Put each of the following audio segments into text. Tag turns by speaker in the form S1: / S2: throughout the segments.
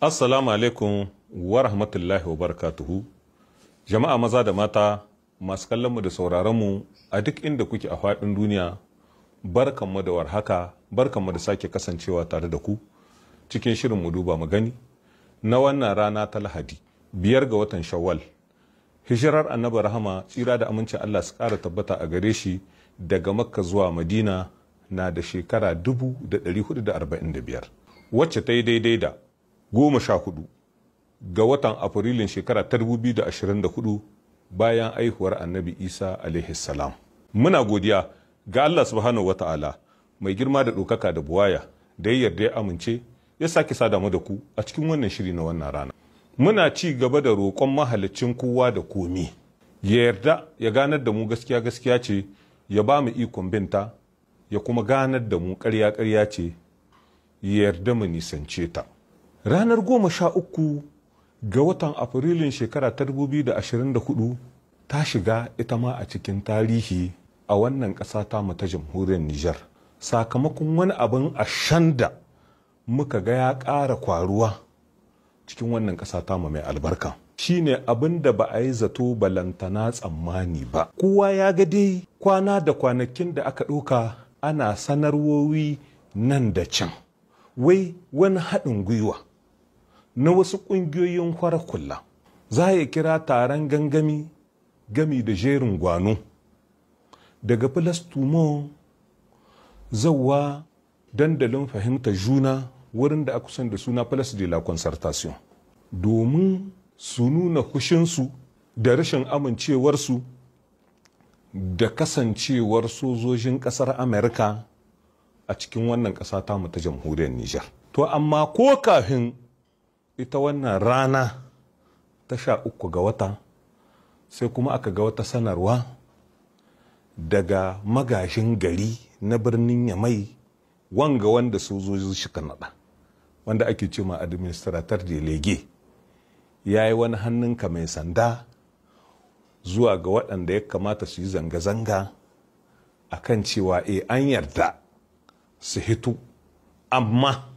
S1: Assalamu alaikum wa rahmatullahi wa barakatuhu. Jama'a maza da mata masu kallonmu da sauraronmu a duk inda kuke a faɗin duniya, barkanmu da warhaka, barkanmu da sake kasancewa tare da ku cikin shirin mu duba mu gani na wannan rana ta Lahadi, biyar ga watan Shawwal. Hijirar Annabi Rahama tsira da amincin Allah su ƙara tabbata a gare shi daga Makka zuwa Madina na da shekara 1445 wacce ta yi daidai da goma sha hudu ga watan afrilun shekara ta dubu da hudu, bayan aihuwar annabi isa alaihi salam muna godiya ga allah subhanahu wata'ala mai girma da ɗaukaka da buwaya da ya yarda ya amince ya sake sada da ku a cikin wannan shiri na wannan rana muna ci gaba da roƙon mahalicin kowa da komi ya yarda ya ganar da mu gaskiya gaskiya ce ya ba mu ikon binta ya kuma ganar da mu karya-karya ce ya yarda mu nisance ta ranar goma sha uku ga watan afrilun shekara ta 2024 ta shiga ita ma a cikin tarihi a wannan ƙasa ta mu ta jamhuriyar Nijar sakamakon wani abin ashan da muka ga ya ƙara kwaruwa cikin wannan ƙasa ta mai albarka shine abin da ba a yi zato balantana tsammani ba kowa ya ga dai kwana da kwanakin da aka ɗauka ana sanarwowi nan da can wai wani haɗin gwiwa na wasu ƙungiyoyin kwarar kulla za ya kira taron gangami gami da jerin gwano daga filastumo zauwa dandalin fahimta juna wurin da aka san da suna plus de la concertation domin su nuna kushinsu da rashin amincewarsu da kasancewar sojojin ƙasar amerika a cikin wannan ƙasa tamu ta jamhuriyar nijar to amma ko kafin ita wannan rana ta sha uku ga wata sai kuma aka ga wata sanarwa daga magashin gari na birnin yamai wanga wanda sojoji suka naɗa wanda ake cewa administrator delege ya yi wani hannunka mai sanda zuwa ga waɗanda ya kamata su yi zanga-zanga a kan cewa e an yarda su hito amma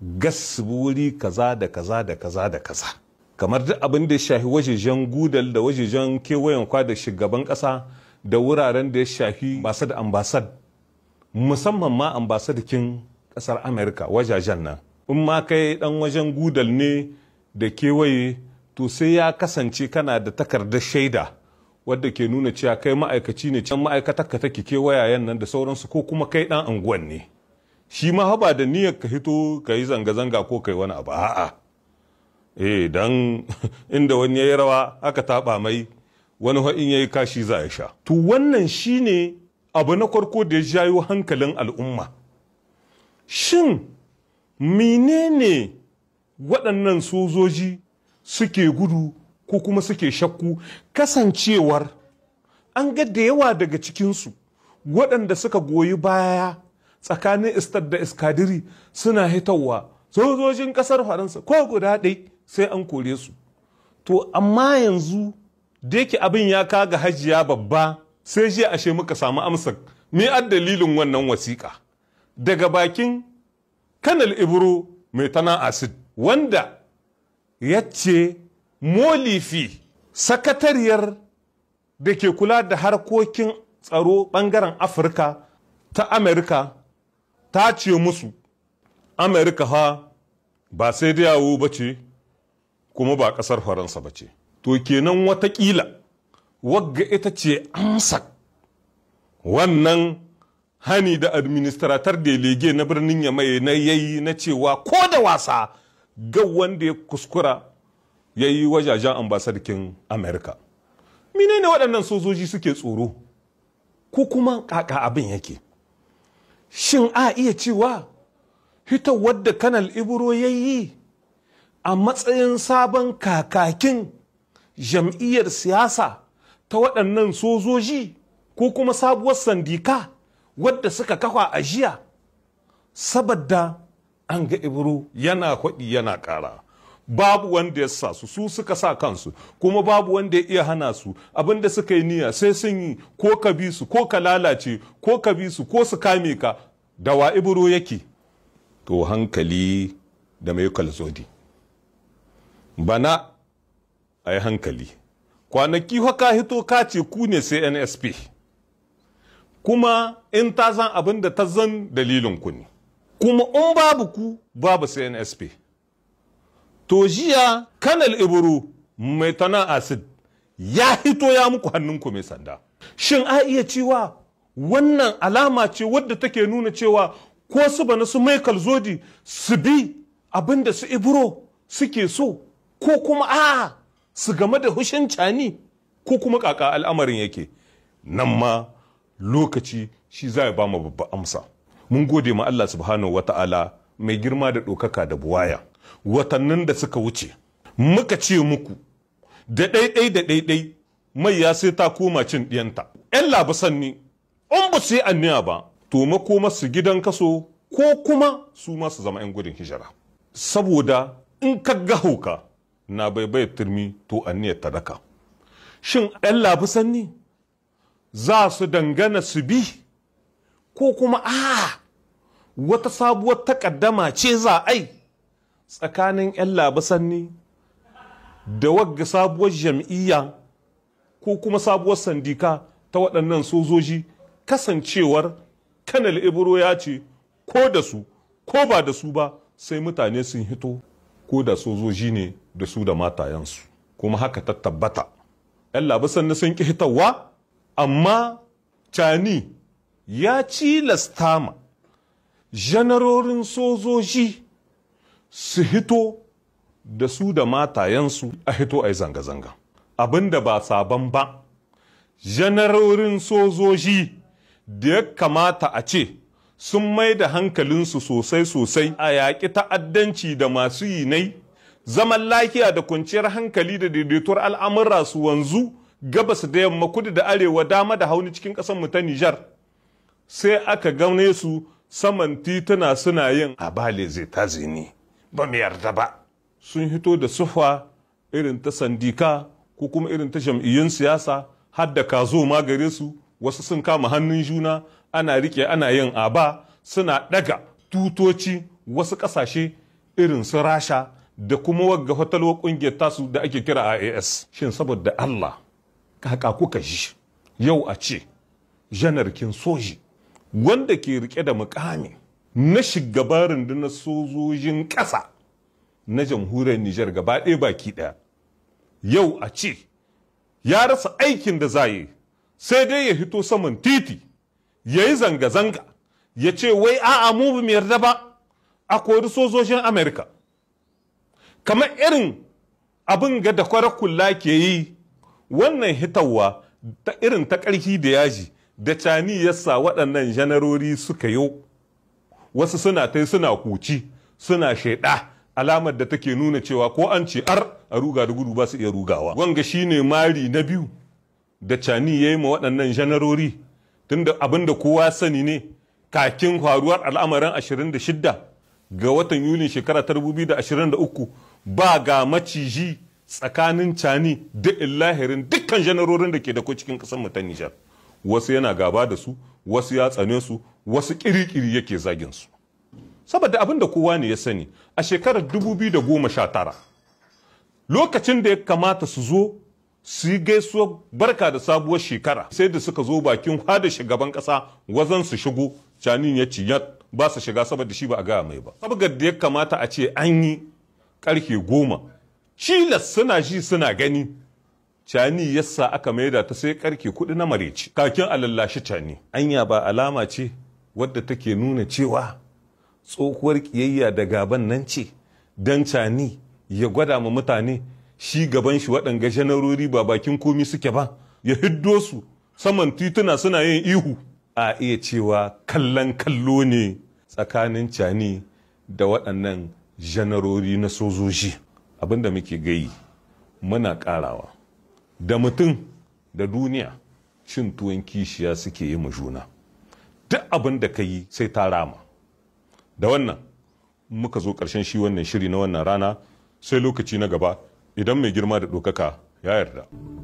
S1: gas wuri kaza da kaza da kaza da kaza kamar duk abin da ya shafi wajejen gudal da wajejen kewayen kwa da shugaban kasa da wuraren da ya shafi da ambasad musamman ma kin kasar amerika wajajen nan in ma kai dan wajen gudal ne da kewaye to sai ya kasance kana da takardar shaida wadda ke nuna cewa kai ma'aikaci ne can ma'aikatar ka take kewayayen nan da sauransu ko kuma kai dan anguwan ne shi ma haba da niyyar ka hito ka yi zanga-zanga ko kai wani abu a'a eh dan inda wani ya yi rawa aka taɓa mai wani in ya yi kashi za a sha to wannan shine abu na farko da ya jayo hankalin al'umma shin menene waɗannan sojoji suke gudu ko kuma suke shakku kasancewar an ga da yawa daga cikinsu waɗanda suka goyi baya tsakanin istar da iskadiri suna hitowa sojojin kasar faransa ko guda ɗai sai an kore su to amma yanzu da yake abin ya kaga hajiya babba sai jiya ashe muka samu amsar me an dalilin wannan wasiƙa daga bakin kanal ibro mai tana asid wanda ya ce molifi sakatariyar da ke kula da harkokin tsaro bangaren afirka ta amerika ta ce musu amerika ha ba sai da yawo ba ce kuma ba kasar faransa ba ce to kenan watakila wagga ita ce ansa wannan hani da administratar lege na birnin yamai na yayi na cewa ko da wasa ga wanda ya kuskura ya yi wajajen ambasadikin amerika menene waɗannan sojoji suke tsoro ko kuma ƙaƙa abin yake shin a iya cewa hitowar wadda kanal ibro ya yi a matsayin sabon kakakin jam'iyyar siyasa ta waɗannan sojoji ko kuma sabuwar sandika wadda suka kafa a jiya saboda an ga ibro yana kwaɗi yana ƙara babu wanda ya sa su su suka sa kansu kuma babu wanda ya iya hana su abinda suka yi niyya sai sun yi ko ka bi su ko ka lalace ko ka bi su ko su kame ka da wa ibro yake to hankali da mai kalzodi bana a hankali kwanaki ka hito ka ce ku ne sai nsp kuma in ta zan abin ta zan dalilin ku ne kuma in babu ku babu sai nsp to jiya kanal iburu mai tana asid ya hito ya muku hannun ku mai sanda shin a iya cewa wannan alama ce wadda take nuna cewa ko su bana su michael zodi su bi abinda su ibro suke so ko kuma a su game da hushin cani ko kuma kaka al'amarin yake nan ma lokaci shi za ya ba mu babba amsa mun gode ma Allah subhanahu wata'ala mai girma da ɗaukaka da buwaya watannin da suka wuce muka ce muku da ɗaiɗai da ɗaiɗai mai ya sai ta koma cin ɗiyanta 'yan labasan ni in ba su yi anniya ba to makoma su gidan kaso ko kuma su ma su zama 'yan gudun hijira saboda in ka ga hauka na baibaye turmi to anniyar ta daka shin 'yan labisan ni za su dangana su bi ko kuma a wata sabuwar takaddama ce za a yi tsakanin 'yan labasanni da wagga sabuwar jam'iyya ko kuma sabuwar sandika ta waɗannan sojoji kasancewar kanal ibro ya ce ko da su ko ba da su ba sai mutane sun hito ko da sojoji ne da su da matayensu kuma haka ta tabbata 'yan labasanni sun ƙi hitawa amma cani ya ci lastama janarorin sojoji su hito da su da matayensu a hito a yi zanga-zanga abin da ba sabon ba janarorin sojoji da ya kamata a ce sun mai da hankalinsu sosai-sosai a yaƙi ta'addanci da masu yi nai zaman lafiya da kwanciyar hankali da daidaituwar al'amura su wanzu gabas da yamma kudu da arewa dama da hauni cikin ƙasar mu ta Nijar sai aka gane su saman tituna suna yin A bale zai ta zini. ba mu yarda ba sun hito da sufa irin ta sandika ko kuma irin ta jam'iyyun siyasa har da kazo ma gare su wasu sun kama hannun juna ana rike ana yin aba suna daga tutoci wasu kasashe irin su rasha da kuma wagga fatalwa kungiyar tasu da ake kira AAS shin saboda Allah kaka kuka ji yau a ce janarkin soji wanda ke rike da mukami na shugaban na sojojin ƙasa na jamhuriyar Nijar gaba ɗaya baki ɗaya. Yau a ce, ya rasa aikin da za yi, sai dai ya hito saman titi, ya yi zanga-zanga, ya ce wai a'a mu ba yarda ba a kori sojojin Amerika. Kamar irin abin ga da kwarakulla ke yi, wannan hitawa ta irin ta ƙarfi da yaji da cani waɗannan janarori suka yau. wasu suna tai suna kuci suna shaida alamar da take nuna cewa ko an ce ar a ruga da gudu ba su iya rugawa wanga shine mari na biyu da cani ya yi ma waɗannan janarori tunda abin da kowa sani ne kakin faruwar al'amarin 26 ga watan yulin shekara 2023 ba ga maciji tsakanin cani da illahirin dukkan janarorin da ke da ko cikin ƙasar mutan ta Nijar wasu yana gaba da su wasu ya tsane su wasu kirikiri yake zagin su saboda abin da kowa ne ya sani a shekarar 2019 lokacin da ya kamata su zo su yi gaisuwar barka da sabuwar shekara sai da suka zo bakin hada shugaban kasa wazan su shigo canin ya ci ba su shiga saboda shi ba a gaya mai ba saboda da ya kamata a ce an yi karfe goma cilas suna ji suna gani cani yasa aka maida ta sai karke kuɗi na mareci kakin alallashi cani anya ba alama ce wadda take nuna cewa tsohuwar kiyayya da gaban nan ce don cani ya gwada ma mutane shi gaban shi waɗanga janarori ba bakin komi suke ba ya hiddo su saman tituna suna yin ihu a iya cewa kallon kallo ne tsakanin cani da waɗannan janarori na sojoji abinda muke gayi muna ƙarawa da mutum da duniya cin tuwon kishiya suke yi mu juna duk abin da ka yi sai ta rama da wannan muka zo ƙarshen shi wannan shiri na wannan rana sai lokaci na gaba idan mai girma da ɗaukaka ya yarda.